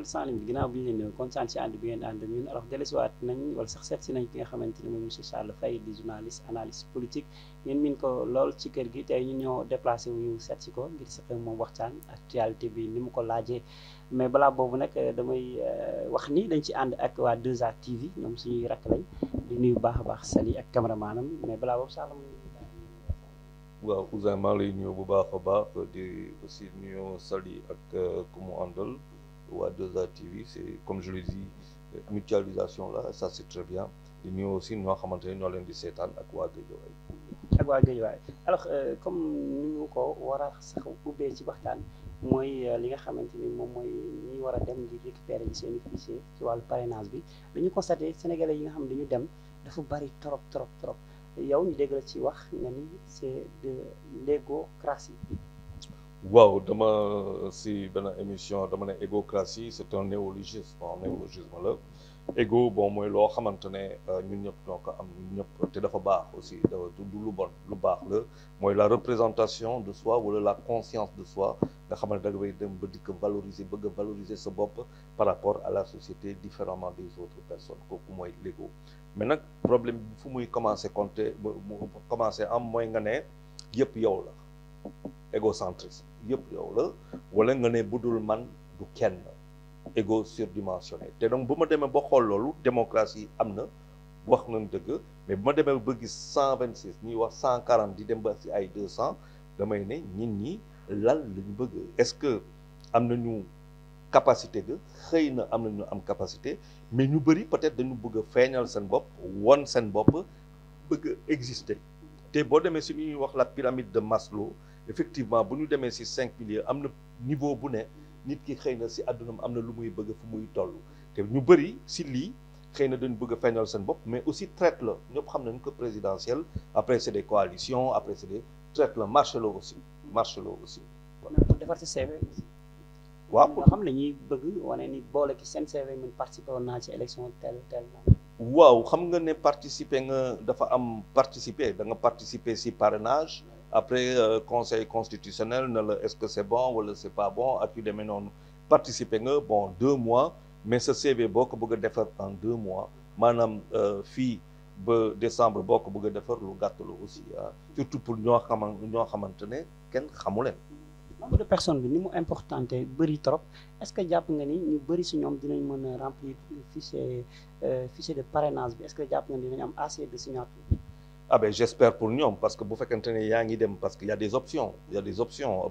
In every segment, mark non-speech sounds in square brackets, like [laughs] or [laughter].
Leral sans limite ginnaaw bi ñu leen di kontaan si ànd bi ngeen ànd ñun alors dellusiwaat nañ wala sax seet si nañ ki nga xamante ne moom monsieur Charles Faye di journaliste analyste politique ngeen min ko lool ci kër gi tey ñu ñoo déplacé wu ñu seet si ko ngir sax moom wax waxtaan actualité bi ni mu ko laajee mais balaa boobu nag euh, damay euh, wax nii dañ ci ànd ak waa 2A TV ñoom suñuy rakk lañ di nuyu baax a baax sali ak caméramanam mais balaa boobu Charles waaw Ousmane maa ngi bu baax baax di aussi nuyu ak euh, ku mu waa 2A TV c'est comme je le dis euh, mutualisation la ça c'est très bien di nuyu aussi ñoo xamante ne ñoo leen di seetaan ak waa Géejawaay ak waa Géejawaay alors euh, comme ni ko war a sax ubbee ci waxtaan mooy euh, li nga xamante ni moom mooy ñi war a dem di récupérer ji seen i fichier ci wàllu parrainage bi dañu constaté sénégalais yi nga xam ne dañu dem dafa bari trop trop trop yow ñu dégg la ci wax nga ni c'est de yi waaw dama si benn émission dama ne égocratie c'est un néologisme bon néologisme la égo bon mooy loo xamante ne euh, ñun ñëpp ñoo ko am ñëpp te dafa baax aussi dafa du lu bon lu baax la mooy la représentation de soi wala la conscience de soi nga xam ne da ngay dem ba dikk valoriser bëgg valoriser sa bopp par rapport à la société différemment des autres personnes kooku mooy l'égo mais nag problème fu muy commencer compter mu commencer am mooy nga ne yëpp yow la égocentrisme yëpp yow la wala nga ne budul man du kenn égo surdimensionné te donc bu ma demee ba xool loolu démocratie am na wax nañ dëgg mais bu ma demee ba gis cent vingt six ñuy wax cent quarante di dem ba si ay deux cent damay ne ñit ñi lal la bëgg est-ce que am nañu capacité ga xëy na am nañu am capacité mais ñu bëri peut-être dañu bëgg a feeñal seen bopp won seen bopp bëgg a te boo demee si ñuy wax la pyramide de Maslow effectivement bu ñu demee si cinq milliers am na niveau bu ne nit ki xëy na si àddunam am na lu muy bëgg fu muy toll te ñu bëri si lii xëy na dañ bëgg a feeñal seen bopp mais aussi traite la ñëpp xam nañ ko présidentielle après c'est des coalitions après c'est des traite la marché la aussi marché la aussi. pour defar si CV. waaw xam ne ñuy bëgg wane ni boole ki seen CV man participer woon naa ci élection tel waaw xam nga ne participer nga dafa am participer da nga participer si parrainage. après euh, conseil constitutionnel na la est-ce que c'est bon wala c'est pas bon ak yu demee noonu participer nga bon deux mois mais sa boo ko bëgg a defar en deux mois maanaam euh, fii ba décembre boo ko bëgg defar lu gàtt aussi ah surtout pour ñoo xaman ñoo xamante ne kenn xamu leen. nombre de personnes bi ni mu importante bëri trop est-ce que jàpp nga ni ñu bëri si ñoom dinañ mën a remplir fichier euh, fichier de parrainage bi est-ce que jàpp nga ni dinañ am assez de signature. ah ben j'espère pour ñoom parce que bu fekkente ne yaa ngi dem parce que y a des options il y a des options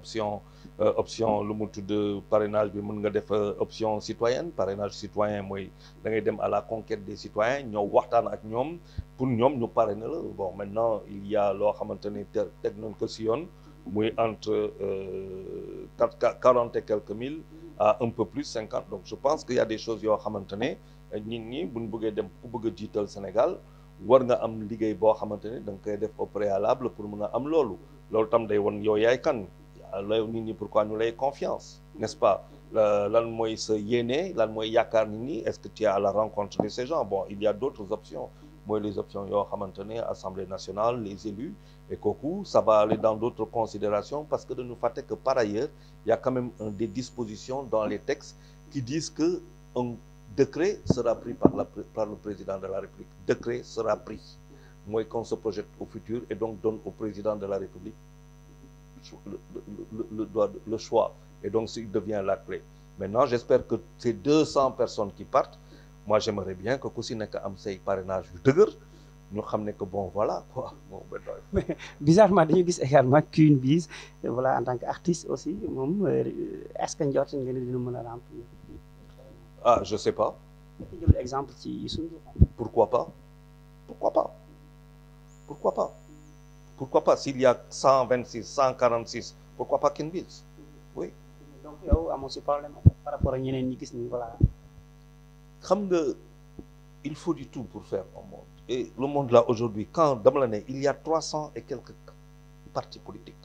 euh, option lu mu tudd parrainage bi mën nga def euh, option citoyenne parrainage citoyen mooy da ngay dem à la conquête des citoyens ñoo waxtaan ak ñoom pour ñoom ñu parrainer la bon maintenant il y loo xamante ne te ko si yoon muy entre euh, quatre quarante et quelques mille à un peu plus cinquante donc je pense que y a des choses yoo xamante ne nit ñi buñ bëggee dem ku bëgg a jiital Sénégal war nga am liggéey boo xamante ne da nga koy def au préalable pour mun am lolu loolu tam day wan yow yaay kan loolu nit ñi pourquoi ñu lay confiance n'est-ce pas euh, lan mooy sa yéene lan mooy yaakaar nit ñi est-ce que tu es la rencontre de ces gens bon il y a d'autres options mooy les options yoo xamante ne assemblée nationale les élus et kooku ça va aller dans d'autres considérations parce que dañu fàtte que par ailleurs il y a quand même des dispositions dans les textes décret sera pris par, la, le président de la République. Décret sera pris. Moi, qu'on se projette au futur et donc donne au président de la République le, le, le, le choix. Et donc, il devient la clé. Maintenant, j'espère que ces 200 personnes qui partent, moi, j'aimerais bien que aussi ait un parrainage nous savons que bon, voilà quoi. Bon, ben, Mais bizarrement, nous avons également qu'une bise, voilà, en tant qu'artiste aussi, euh, est-ce que a avons une remplir ah je sais pas. exemple ci Youssou Ndour. pourquoi pas pourquoi pas pourquoi pas s'il y cent vingt six cent quarante six pourquoi pas Queen Biz oui. donc yow amoo si problème par rapport ak ñeneen ñi gis ni voilà. xam nga il faut du tout pour faire un monde et le monde là aujourd'hui quand dama la il y a cent et quelques partis politiques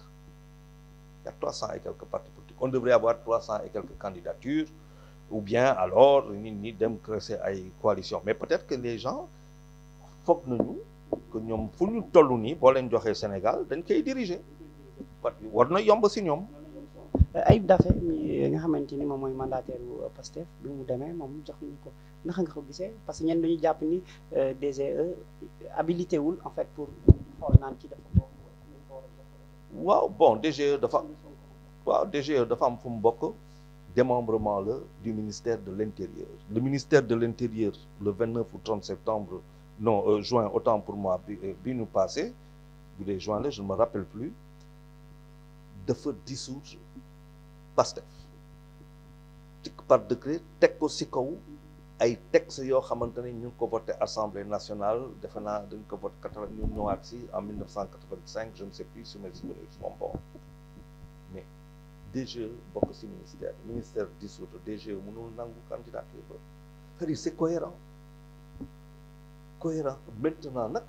a trois cent on devrait avoir et quelques candidatures. ou bien alors nit ñi dem créer ay coalition mais peut-être que les gens foog nañu que ñoom fu ñu toll nii boo leen joxee Sénégal dañ koy diriger war na yomb si ñoom. Ayib Daffé mi nga xamante ni moom mooy mandataire bu euh, Pastef bi mu demee moom jox ñu ko naka nga ko gisee parce que ñenn dañu jàpp ni euh, DGE habilité wul en fait pour xool naan ci dafa bokk. waaw bon DGE dafa waaw DGE dafa am fu mu bokk. démembrement la du ministère de l'Intérieur. Le ministère de l'Intérieur, le 29 ou 30 septembre, non, euh, juin, autant pour moi, bi, euh, bi passé, bi les juin là, je ne me rappelle plus, dafa dissoudre par décret teg ko si kaw ay texte yoo xamante ne ñu ngi ko voté assemblée nationale defe naa dañ ko voté quatre ñu ñëwaat si en 1985 DGE bokk ci ministère ministère dissoute DGE mënul nangu candidature ba c'est-à-dire c'est cohérent cohérent maintenant nag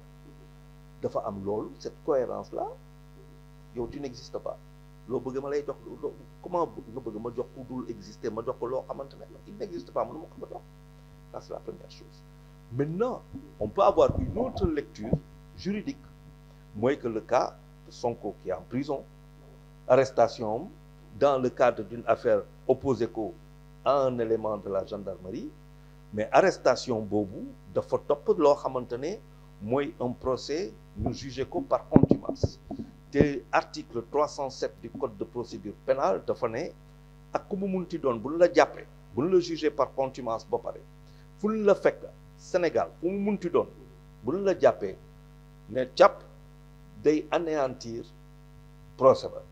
dafa am loolu cette cohérence là yow tu n'existes pas loo bëgg ma lay jox comment nga bëgg ma jox ku dul exister ma jox ko loo xamante ne il n'existe pas mënu ma ko ma jox c'est la première chose maintenant on peut avoir une autre lecture juridique mooy que le cas de Sonko qui en prison arrestation dans le cadre d'une affaire opposé ko à un élément de la gendarmerie mais arrestation boobu dafa topp loo xamante ne mooy un procès ñu jugé ko par contumace te article 307 du code de procédure pénal dafa ne ak ku mu munti doon bu ñu la jàppee bu ñu la jugé par contumace ba fu ñu la fekk Sénégal fu mu munti doon bu ñu la jàppee ne jàpp day anéantir procès ba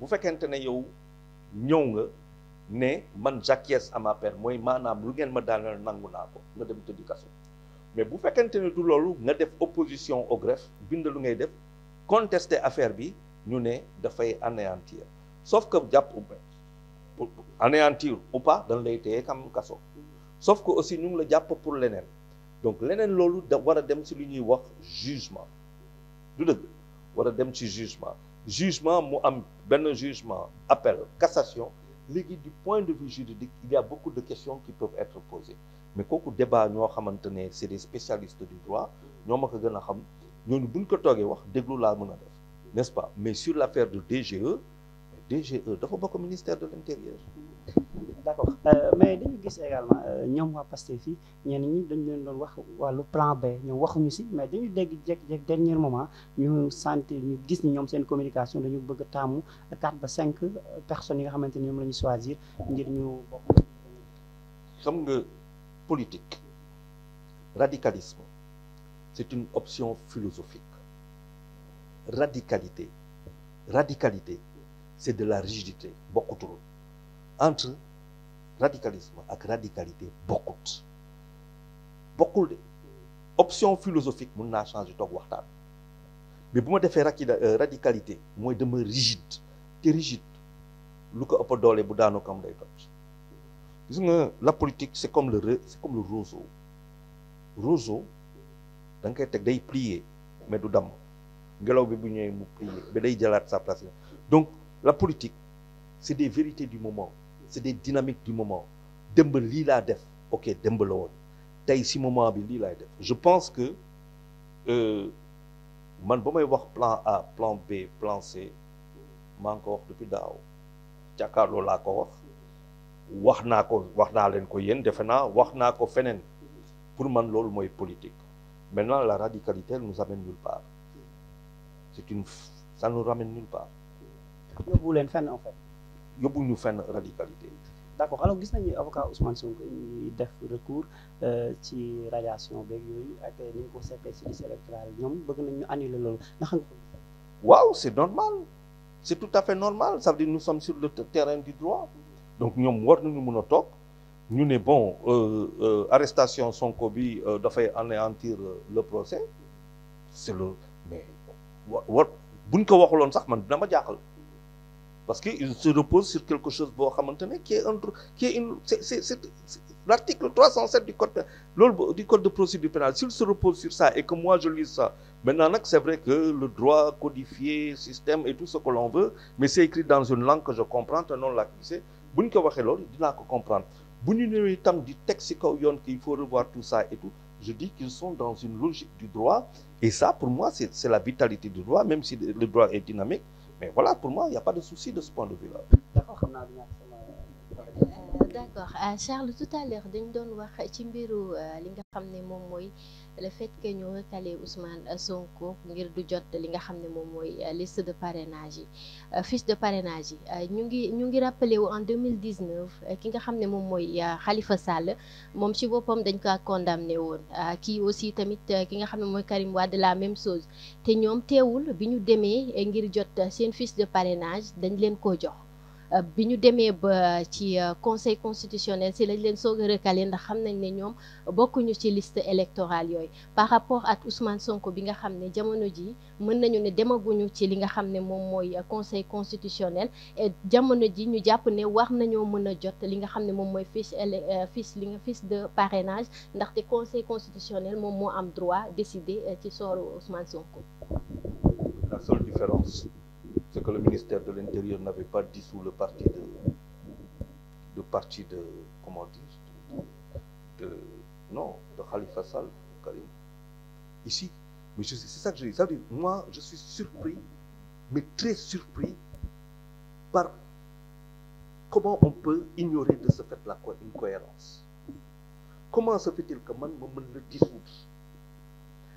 bu fekkente ne yow ñëw nga ne man j'acquiesce am ma mooy maanaam lu ngeen ma daaneel nangu naa ko nga dem tëddi kaso mais bu fekkente ne du loolu nga def opposition au greffe bind lu ngay def contester affaire bi ñu ne dafay anéantir sauf ko jàpp anéantir ou pas dañ lay téye kam kaso sauf que aussi ñu ngi la jàpp pour leneen donc leneen loolu da war a dem ci lu ñuy wax jugement du dëgg war a dem ci jugement jugement mu am benn jugement appel cassation léegi du point de vue juridique il y a beaucoup de questions qui peuvent être posées mais kooku débat ñoo xamante ne c'est des spécialistes du droit ñoo ma ko gën a xam ñooñu buñ ko toogee wax déglu laa mën a def n'est-ce pas mais sur l'affaire de DGE DGE dafa bokk ministère de l'intérieur d' euh, mais dañu gis également euh, ñoom waa Pastef fii ñenn ñi dañu leen doon wax wàllu plan B ñoom waxuñu si mais dañu dégg jékki-jékki dernier moment ñu sentir ñu gis ñoom seen communication dañu bëgg a taamu quatre ba cinq personnes yi nga xamante ni ñoom la ñu choisir ngir ñu bokk. xam nga politique radicalisme c' est une option philosophique radicalité radicalité c' est de la rigidité bokkutul. entre radicalisme ak radicalité bokkut bokkul de option philosophique mun naa changer toog waxtaan mais bu ma defee euh, radicalité mooy dama rigide te rigide lu ko ëpp doole bu daanu kam day toj gis la politique c'est comme le c'est comme le roseau roseau da koy teg day plier mais du damm ngelaw bi bu ñëwee mu plier ba day jëlaat sa place donc la politique c'est des vérités du moment c'est des dynamiques du moment démb lii laa def ok démb la woon tey si moment bi lii laay def je pense que euh, man ba may wax plan A plan B plan C maa ngi ko wax depuis daaw jàkkaarloo laa ko wax wax naa ko wax naa leen ko yéen defe naa wax naa ko feneen pour man loolu mooy politique maintenant la radicalité elle nous amène nulle part c'est une ça nous ramène nulle part. leen fenn yóbbu ñu fenn radicalité d' accord alors gis nañu avocat Ousmane Sonko ñuy def recours euh, ci radiation beeg yooyu ak ni ko seetee si liste électorale ñoom bëgg nañ ñu annuler loolu ndax nga ko. waaw c' est normal c' est tout à fait normal ça veut dire nous sommes sur le terrain di droit donc ñoom war nañu mën a toog ñu ne bon euh, euh, arrestation Sonko bi euh, dafay anéantir euh, le procès c' le mais wa war buñ ko waxuloon sax man dina ma jaaxal. parce que il se repose sur quelque chose boo xamante ne qui est un qui est une c'est c'est c'est l'article 307 du code loolu du code de procédure pénale s'il se repose sur ça que moi je lis ça maintenant nag c'est vrai que le droit codifié système et tout ce que l'on veut mais c'est écrit dans une langue que je comprends te noonu laa ko gisee bu ñu waxee loolu dinaa bu ñu ñëwee itam di teg ci kaw yoon qu'il faut revoir tout ça et tout je dis qu'ils sont dans une logique du droit et ça pour moi c'est la vitalité du droit même si le droit est mais voilà pour moi il n'y a pas de souci de ce point de vue là. d'accord xam naa d'accord euh, Charles tout à dañ doon wax ci mbiru euh, li nga xam ne moom mooy le fait que ñu recalé Ousmane Sonko ngir du jot li nga xam ne moom mooy euh, liste de parrainage yi fiche de parrainage yi ñu ngi ñu ngi rappelé wu en 2019 ki nga xam ne moom mooy xalifa Sall moom ci boppam dañ ko condamné woon kii aussi tamit ki nga xam ne mooy Karim de la même chose te ñoom teewul bi ñu demee ngir jot seen fiche de parrainage dañ leen koo jox Euh, bi ñu demee ba ci euh, conseil constitutionnel si lañ leen soog a recalé ndax xam nañ ne ñoom bokkuñu ci list électorale yooyu par rapport ak Ousmane Sonko bi nga xam ne jamono jii mën nañu ne demaguñu ci li nga xam ne moom mooy euh, conseil constitutionnel jamono ji ñu jàpp ne wax nañoo mën a jot li nga xam ne moom mooy fiche ele fiche li nga fiche de parrainage ndaxte conseil constitutionnel moom moo am droit décider ci sooru Ousmane Sonko. c'est que le ministère de l'Intérieur n'avait pas dissous le parti de de parti de comment dire de, de non de Khalifa Sall Karim ici mais je c'est ça que je suis surpris mais très surpris par comment on peut ignorer de ce fait là une cohérence comment se fait-il que man ma mën la dissoudre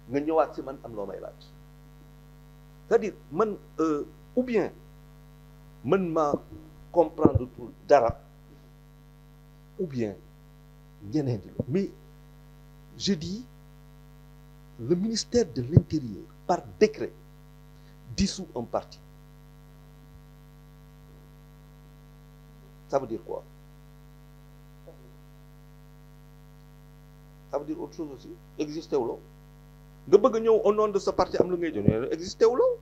nga ñëwaat si man am loo may laaj c'est-à-dire euh, ou bien mën maa comprendre tout dara ou bien ñeneen di mais je dis le ministère de l'intérieur par décret dissout un parti ça veut dire quoi ça veut dire autre chose aussi existé wu loo nga bëgg a au nom de sa parti am lu ngay jënd existé wu loo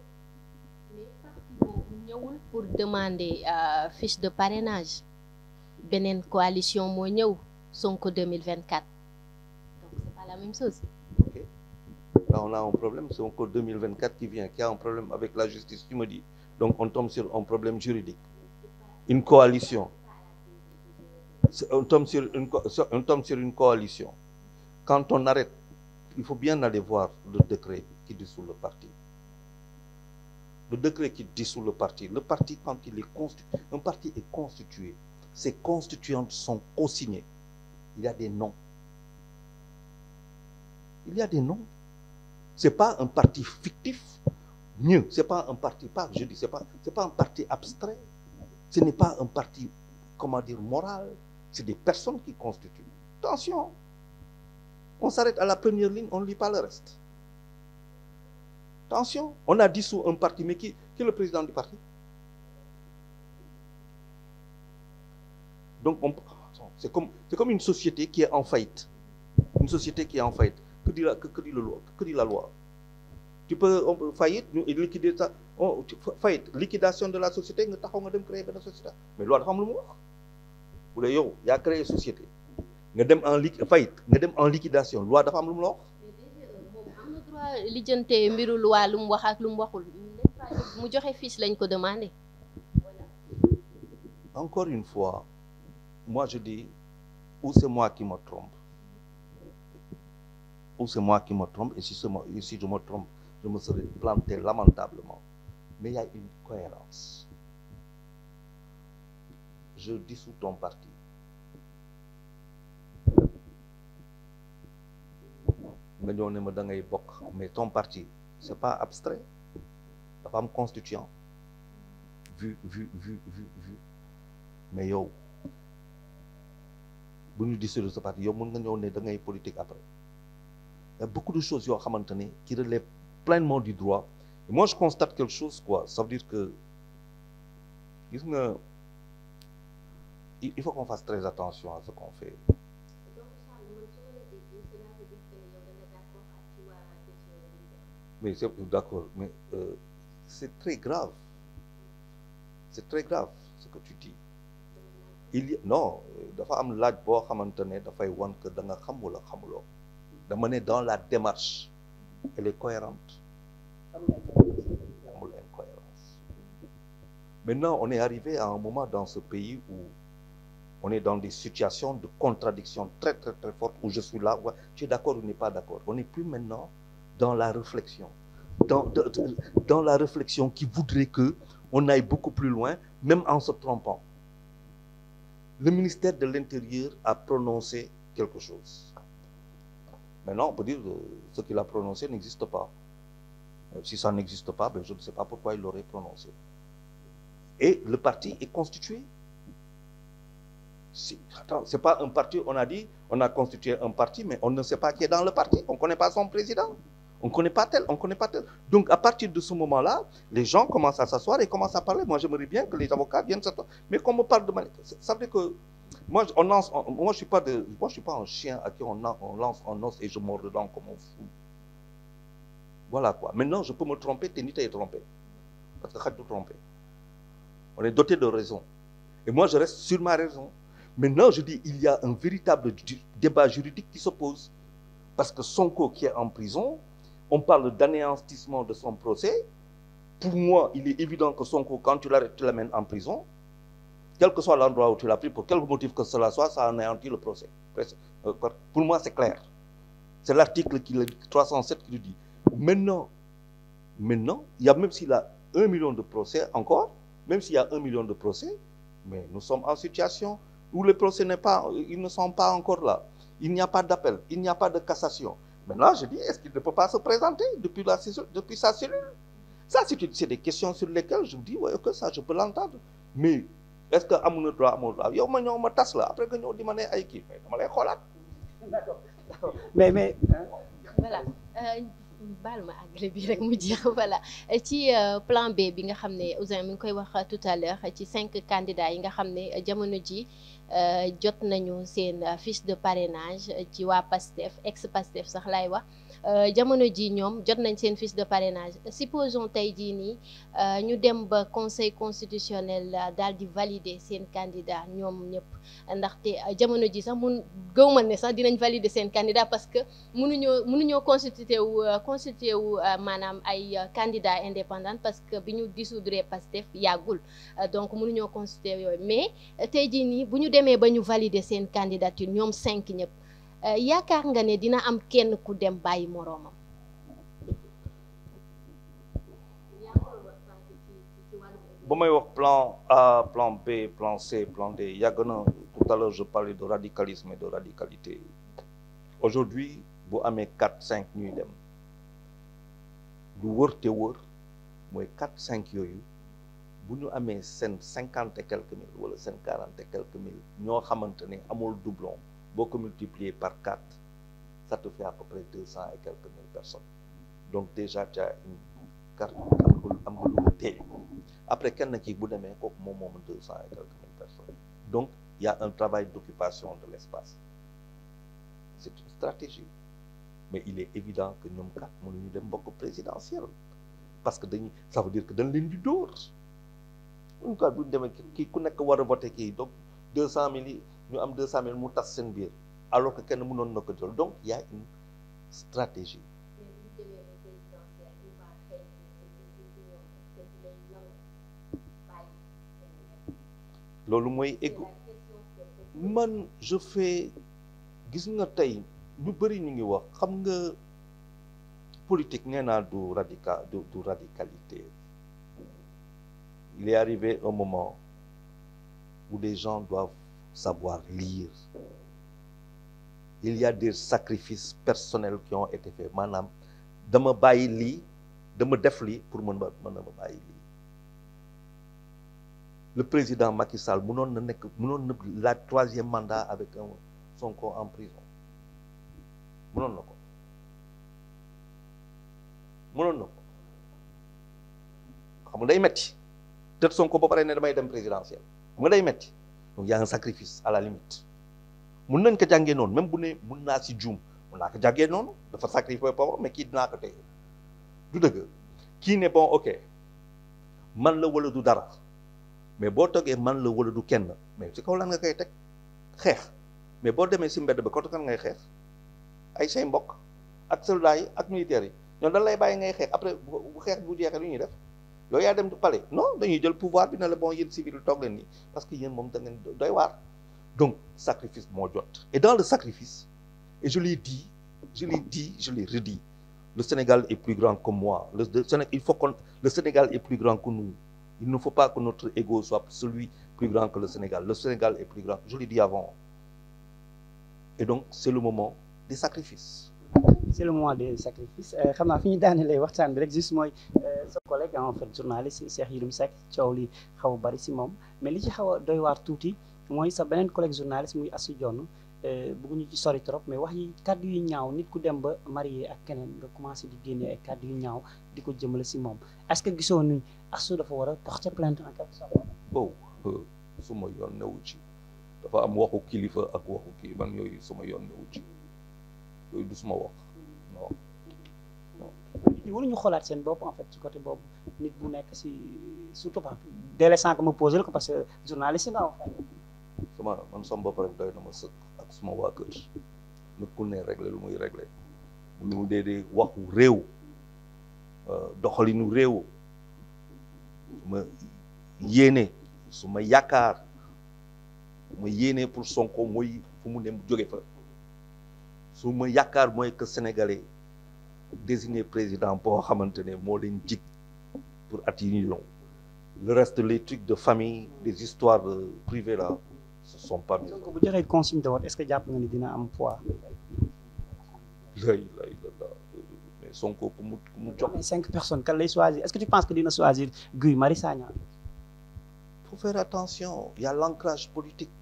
ñëwul pour demander euh, fiche de parrainage beneen coalition moo ñëw son 2024 donc c'est pas la même chose. ok là on a un problème Sonko 2024 qui vient qui a un problème avec la justice tu me dis donc on tombe sur un problème juridique une coalition on tombe sur une on tombe sur une coalition quand on arrête il faut bien aller voir le décret qui dissout le parti. le décret qui dissout le parti, le parti, quand il est constitué, un parti est constitué, ses constituantes sont consignées. Il y a des noms. Il y a des noms. Ce pas un parti fictif. Mieux, ce n'est pas un parti, pas, je dis, ce n'est pas, un parti abstrait. Ce n'est pas un parti, comment dire, moral. C'est des personnes qui constituent. Attention, on s'arrête à la première ligne, on ne lit pas le reste. Attention, on a dissous un parti, mais qui, qui est le président du parti Donc, c'est comme, comme, une société qui est en faillite. Une société qui est en faillite. Que dit la, que, que dit le loi, que dit la loi Tu peux on, faillite, nous, liquider ça. On, tu, faillite, liquidation de la société, nous avons créé une société. Mais la loi, nous avons le Vous avez créé une société. Nous avons en faillite, nous avons en liquidation. La loi, nous avons le dafa lijjante mbiru loi lu mu ak lu mu mu joxe fiche lañ ko demandé. encore une fois moi je dis ou c'est moi qui me trompe ou c'est moi qui me trompe et si si je me trompe je me serais planté lamentablement mais il y une cohérence je dissous ton parti nga ñëw ne ma da ngay bokk mais tom parti c'est pas abstrait dafa am constituant vu vu vu vu mais yow bu ñu dissoudre sa parti yow mën nga ñëw ne dangay ngay politique après il y beaucoup de choses yoo xamante ne qui relèvent pleinement du droit et moi je constate quelque chose quoi ça veut dire que gis nga il faut qu'on fasse très attention à ce qu'on fait mais c'est d'accord mais euh, c'est très grave c'est très grave ce que tu dis il y non dafa am laaj boo xamante ne dafay wan e que da nga xam wala xamuloo dama ne dans la démarche elle est cohérente amul incohérence maintenant on est arrivé à un moment dans ce pays où on est dans des situations de contradiction très très très fortes où je suis là où tu es d'accord ou n'est pas d'accord on n'est plus maintenant dans la réflexion dans de, dans la réflexion qui voudrait que on aille beaucoup plus loin même en se trompant le ministère de l'Intérieur a prononcé quelque chose maintenant on peut dire que ce qu'il a prononcé n'existe pas euh, si ça n'existe pas ben je ne sais pas pourquoi il l'aurait prononcé et le parti est constitué si attends c'est pas un parti on a dit on a constitué un parti mais on ne sait pas qui est dans le parti on ne connaît pas son président On ne connaît pas tel, on ne connaît pas tel. Donc, à partir de ce moment-là, les gens commencent à s'asseoir et commencent à parler. Moi, j'aimerais bien que les avocats viennent s'asseoir. Mais qu'on me parle de manière. Ça veut dire que moi, on lance, on, moi, je suis pas de, moi, je suis pas un chien à qui on, on lance en os et je mords dedans comme on fou. Voilà quoi. Maintenant, je peux me tromper, Ténita est trompé. Parce que tout trompé. On est doté de raison. Et moi, je reste sur ma raison. Maintenant, je dis, il y a un véritable débat juridique qui se pose. Parce que Sonko qui est en prison, on parle d'anéantissement de son procès. Pour moi, il est évident que Sonko, quand tu l'amènes en prison. Quel que soit l'endroit où tu l'as pris, pour quel motif que cela soit, ça anéantit le procès. Euh, pour moi, c'est clair. C'est l'article qui le dit. Maintenant, maintenant, il y a, même s'il a un million de procès encore, même s'il y a un million de procès, mais nous sommes en situation où les procès pas, euh, ils ne sont pas encore là. Il n'y a pas d'appel, il n'y a pas de Maintenant, je dis, est-ce qu'il ne peut pas se présenter depuis, la, depuis sa cellule Ça, c'est des questions sur lesquelles je me dis, ouais, que ça, je peux l'entendre. Mais est-ce que amuñu droit amuñu droit yow ma ñëw ma tas la après nga ñëw di ma ne ay kii mais dama lay xoolaat. mais mais. voilà euh, baal ma àggale bi rek mu jeex [laughs] voilà ci euh, plan B bi nga xam ne Ouzin mi ngi koy wax tout à l'heure ci cinq candidats yi nga xam ne euh, jamono ji Euh, jot nañu seen fiche de parrainage euh, ci waa PASTEF ex PASTEF sax laay wax euh, jamono ji ñoom jot nañ seen fiche de parrainage supposons tey jii nii ñu dem ba conseil constitutionnel daal di valider seen candidat ñoom ñëpp ndaxte jamono ji sax mun gëwmal ne sax dinañ valider seen candidat parce que mënuñoo mënuñoo constitué wu constitué wu maanaam ay candidat indépendant parce que bi ñu dissoudre PASTEF yàggul donc mënuñoo constitué yooyu mais tey demee ba ñu valider seen candidature ñoom cinq ñëpp euh, yaakaar nga ne dina am kenn ku dem bàyyi moroomam. ba may wax plan A plan B plan C plan D yàgg na tout à l'heure je parlais de radicalisme de radicalité aujourd'hui bu amee quatre cinq ñuy dem lu wër te wër mooy quatre cinq yooyu. bu ñu amee seen cinquante et quelques mille wala seen quarante et quelques mille ñoo xamante ne amul doublon boo ko multiplier par quatre ça te fait à peu près deux cent et quelques mille personnes donc déjà tu as une carte am nga lu bu demee kooku moom moom deux cent et quelques mille donc il y a un travail d'occupation de l'espace c'est une stratégie mais il est évident que ñoom kat mënuñu dem bokk présidentiel parce que dañuy ça veut dire que dañ leen di dóor pourquoi bu ñu demee kii ku nekk war a voté kii donc deux cent mille ñu am deux cent mille mu tas seen biir alors que kenn mënoon na ko jël donc y loolu mooy égo man je fais gis nga tey ñu bëri ñu ngi wax xam nga politique nee naa du radical du du il est arrivé un moment où les gens doivent savoir lire. Il y a des sacrifices personnels qui ont été faits maanaam dama bàyyi lii dama def lii pour mën ma mën ma bàyyi lii le président Macky Sall mënoon na nekk mënoon na la troisième mandat avec un Sonko en prison mënoon na ko mënoon na ko xam nga day metti tët Sonko ba pare ne damay dem présidentiel xam nga day metti donc y a un sacrifice à la limite mun nañ ko jàngee noonu même bu ne mun naa si jum mun naa ko jàngee noonu dafa sacrifice boobu mais kii dinaa ko téye du dëgg kii ne bon ok man la wala du dara mais boo toggee man la wala du kenn mais si kaw lan nga koy teg xeex mais boo demee si mbedd ba kottu kan ngay xeex ay say mbokk ak soldats yi ak militaires yi ñoom dañ lay bàyyi ngay xeex après bu xeex bu jeexee lu ñuy def. yow yaa dem du palais non dañuy del pouvoir bi ne la bon yéen civil toog leen ni parce que yéen moom da ngeen doy waar donc sacrifice moo jot et dans le sacrifice et je l'ai dit je l'ai dit je l'ai redit le Sénégal est plus grand que moi le, le Sénégal il faut qu'on le Sénégal est plus grand que nous il ne notre ego soit celui plus grand que le Sénégal le Sénégal est plus grand je l'ai dit avant et donc c'est le moment des sacrifices c'est le moment des sacrifices euh, xam naa fi ñu daanelee waxtaan bi rek juste mooy euh, sa collègue en fait journaliste Cheikh Yérim Seck coow li xaw a bari si moom mais li ci xaw a doy waar tuuti mooy sa beneen collègue journaliste muy Astou Dione euh, bëgguñu ci sori trop mais wax yi kàddu yu ñaaw nit ku dem ba marié ak keneen nga commencé di génne ay yu ñaaw di ko si moom est-ce que gisoo ni Astou dafa war a porter plainte en quelque sorte. bon suma yoon newu ci dafa am waxu ak waxu kii man yooyu suma yoon newu ci yooyu du bopp nit ñi waruñu xoolaat seen bopp en fait ci côté boobu nit bu nekk si surtout pas délai sànq ma posé ko parce que journaliste nga wax sama man sama bopp rek doy na ma sëkk ak suma waa kër nit ne réglé lu muy réglé lu mu dee dee waxu réew euh, doxalinu réew ma yéene su ma yaakaar ma yéene pour Sonko mooy fu mu ne mu jóge fa su ma yaakaar mooy que sénégalais désigné président boo xamante ne moo leen jig pour at yi le reste les trucs de famille les histoires privées là ce sont pas bien. donc bu joxee consigne est-ce que jàpp nga ni dina am poids. lay lay la ku mu ku mu jox. cinq personnes kan lay choisir est-ce que tu penses que dina choisir Guy Marius Sagna. faut faire attention y a l'ancrage politique.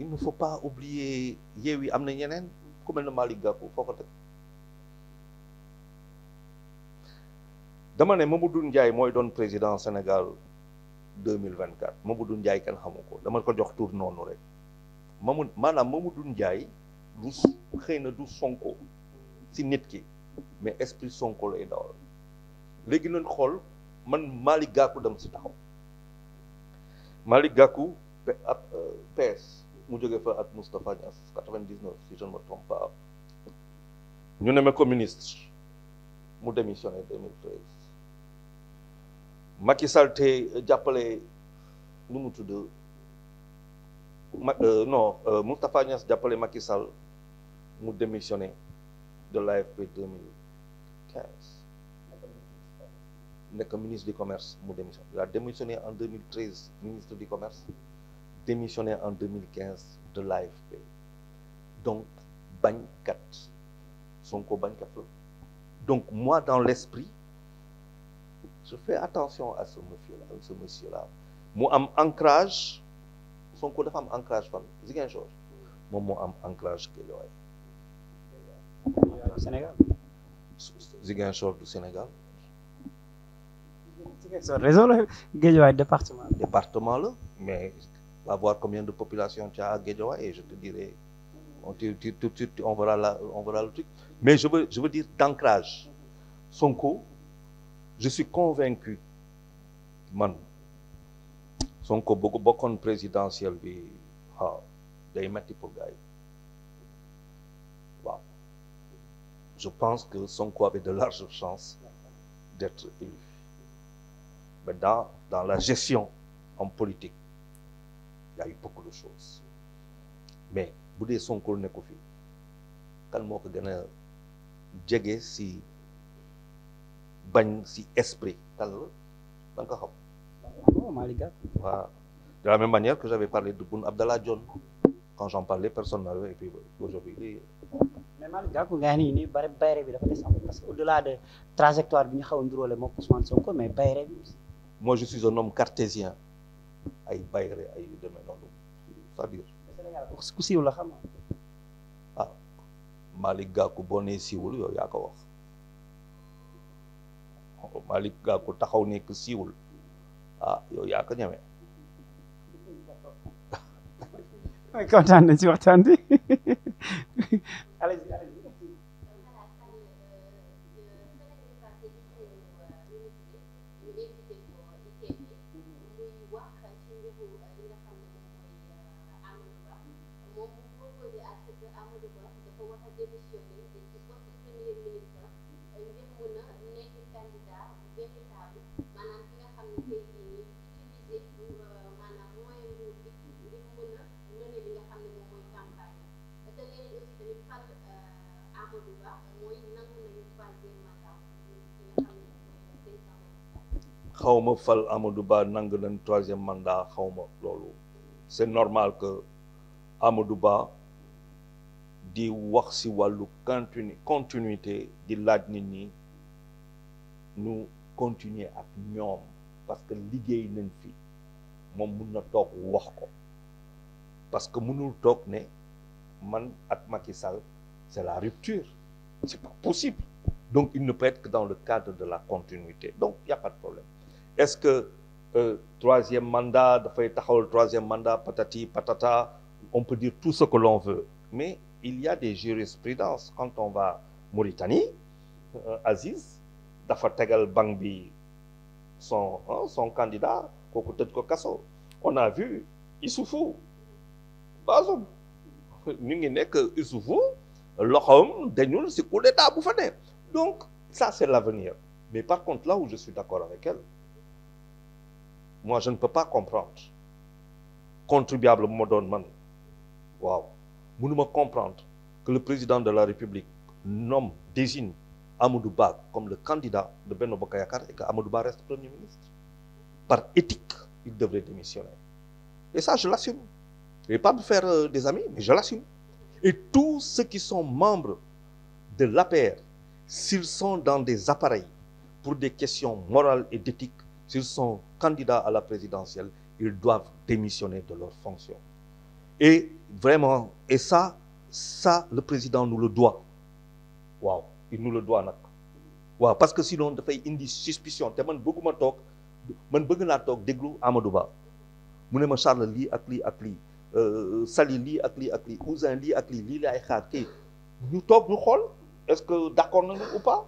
il ne faut pas oublier yeew yi am na ñeneen ku mel ne Malick Gakou foo ko teg dama ne Mamadou Ndiaye mooy doon président Sénégal 2024 Mamadou Ndiaye kenn xamu ko dama ko jox tur noonu rek Mamu maanaam Mamadou Ndiaye du xëy na du Sonko si nit ki mais esprit Sonko lay dawal léegi nañ xool man Malick Gakou dem ci taxaw Malick Gakou PS euh, mu jóge fa ak Moustapha Niass 99 si je ne me trompe pas ñu nemmee ko ministre mu démissionné 2013 Macky Sall te jàppale nu mu tudd ma euh, non euh, Moustapha Niass jàppale Macky Sall mu démissionné de l'AFP 2015 nekk ministre du commerce mu démissionné il a démissionné en 2013 ministre di commerce démissionné en 2015 de l'AFP donc bañkat Sonko bañkat la donc moi dans l'esprit je fais attention à ce monsieur là ce monsieur là mu am ancrage Sonko am encrage fan Ziguinchor moom moo am encrage Guédiawaye Sénégal Ziguinchor du Sénégal Ziguinchor la mais va voir combien de population tu as à Guédiawaye et je te dirai on te dit mais je veux je veux dire d'ancrage je suis convaincu man Sonko boo présidentiel bi waaw day metti pour gars je pense que Sonko avait de larges chances d'être élu mais dans dans la gestion en politique y a eu beaucoup de choses mais bu dee Sonko nekku fi kan moo ko gën a jege si bañ si esprit kan la da nga ko xam. waaw oh, de la même manière que j'avais parlé de Boun Abdallah Dionne quand j'en parlais personne et puis aujourd'hui mais Malick Gakou nga nii nii bare bayre bi dafa des parce que au delà de trajectoire bi ñu xaw a nduróole moom Ousmane Sonko mais bayre moo moi je suis un homme cartésien. ay bayre ay yu demee noonu ku siiw la xam ah Malick Gakou boo nee yow yaa ko wax Malick Gakou taxaw nekk siiwul ah yow yaa ko ñemee [laughs] kontaan na ci [laughs] xawma Amadou euh, am te léegi aussi tamit euh, fal Amadou Ba nangu nañu fal des mandats loolu c'est normal que Amadou di wax si wàllu continu continuité di laaj nit ñi nu continuer ak ñoom parce que liggéey nañ fi moom mun na toog wax ko parce que mënul toog ne man ak Macky Sall c'est la rupture c'est pas possible donc il ne peut être que dans le cadre de la continuité donc y a pas de problème est-ce que euh, troisième mandat dafay taxawal troisième mandat patati patata on peut dire tout ce que l'on veut mais il y des jurisprudences quand on va Mauritanie euh, Aziz dafa tegal banque bi son candidat kooku tëj ko kaso on a vu Issoufou Bazoum ñu ngi nekk Issoufou loxoom dañul si coup d'état bu fa donc ça c'est l'avenir mais par contre là où je suis d'accord avec elle moi je ne peux pas comprendre contribuable bu mënuma comprendre que le président de la République nomme désigne Amadou Ba comme le candidat de Benno Bokk Yakaar et que Amadou Ba reste premier ministre par éthique il devrait démissionner et ça je l'assume je pas me faire euh, des amis mais je l'assume et tous ceux qui sont membres de l'APR s'ils sont dans des appareils pour des questions morales et d'éthique s'ils sont candidats à la présidentielle ils doivent démissionner de leurs fonctions Et vraiment, et ça, ça, le président nous le doit. waaw il nous le doit nag waaw parce que sinon dafay indi suspicion te man bëgguma toog man bëgg naa toog déglu Amadou Ba mu ne ma Charles lii ak lii ak lii euh, Sali lii ak lii ak lii Ousin lii ak lii lii laay xaar kii ñu toog ñu xool est-ce que d'accord nañu ou pas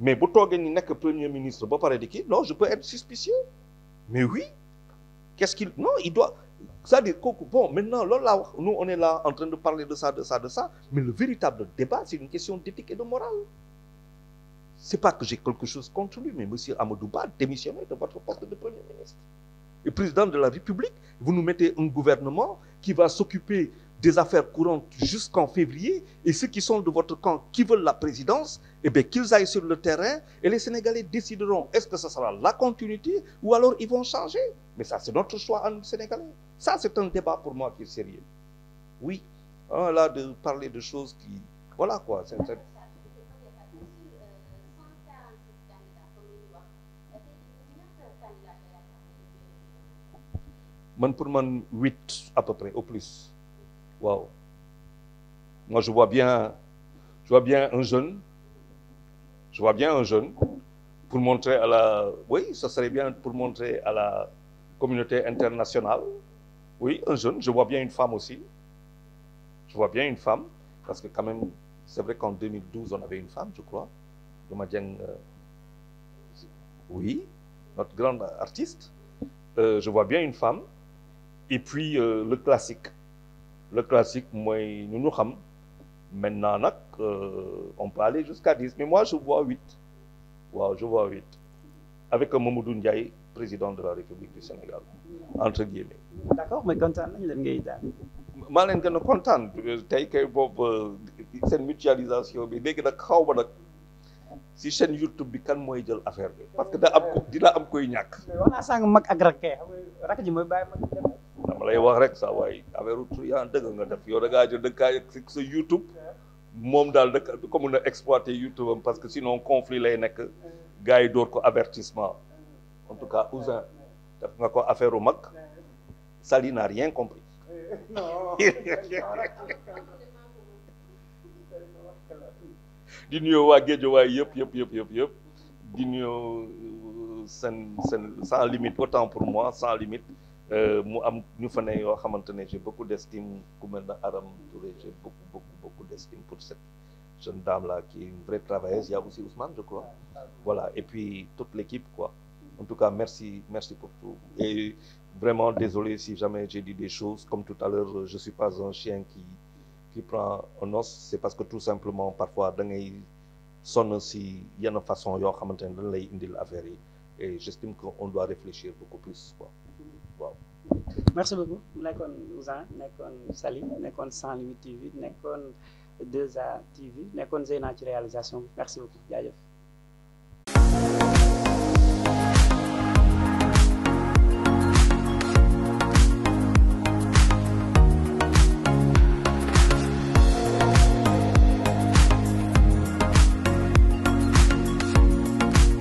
mais bu toogee ni nekk premier ministre ba pare di kii non je peux être suspicieux mais oui qu'est-ce qu'il non il doit c'est-à-dire kooku bon maintenant loolu laa wax nous on est là en train de parler de ça de ça de ça mais le véritable débat c'est une question d'éthique et de morale c'est pas que j'ai quelque chose contre lui mais monsieur Amadou Ba démissionné de votre poste de premier ministre et président de la République qui veulent la présidence eh bien qu'ils aillent sur le terrain et les Sénégalais décideront est-ce que ce sera la continuité ou alors ils vont changer mais ça Ça, c'est un débat pour moi qui est sérieux. Oui, hein, là, de parler de choses qui... Voilà quoi. C'est, c'est... man pour man huit à peu près au plus waaw moi je vois bien bien un jeune je vois bien un jeune pour montrer à la oui ça serait bien pour montrer à la communauté internationale Oui, un jeune, je vois bien une femme aussi. Je vois bien une femme, parce que quand même, c'est vrai qu'en 2012, on avait une femme, je crois. Dieng, euh, oui, notre grande artiste. Euh, je vois bien une femme. Et puis, euh, le classique. Le classique, moi, nous nous sommes. Maintenant, euh, on peut aller jusqu'à 10. Mais moi, je vois 8. Wow, je vois 8. Avec un Mamoudou Ndiaye président de la République du Sénégal entre guillemets. d'accord mais maa leen gën a kontaan tey kay boobu euh, seen mutualisation bi léegi nag xaw ma nag si chaîne YouTube bi kan mooy jël affaire bi parce que da am ko dina am koy ñàkk. wax mag ak rakk rakk ji mooy bàyyi ma. dama lay wax rek sax waaye affaire yaa dëgg nga def yow da ngaa jël dëkkaay sa YouTube moom daal dëkk comme na exploité YouTube am parce que sinon conflit lay nekk gars yi door ko avertissement. en tout cas nga ko affaire u mag Sali n'a rien compris [laughs] di nuyu waa Géejawaay yëpp yëpp yëpp yëpp yëpp di sen euh, seen seen sans limite autant pour moi sans limite euh, mu am ñu fa ne yoo xamante ne j'ai beaucoup d'estime ku mel na Aram Touré j'ai beaucoup beaucoup beaucoup d'estime pour cette jeune dame là qui est une vraie travailleuse il voilà et puis toute l'équipe quoi En tout cas, merci, merci pour tout. Et vraiment désolé si jamais j'ai dit des choses. Comme tout à l'heure, je ne suis pas un chien qui, prend un os. C'est parce que tout simplement, parfois, dans les sonne si il y a une façon yo xamantene dañ lay affaire yi et j'estime qu'on doit réfléchir beaucoup plus quoi waaw merci beaucoup nekkoon Ouzin nekkoon Salim nekkoon Sans Limites TV nekkoon 2A TV nekkoon Zeyna ci réalisation bi merci beaucoup jaajëf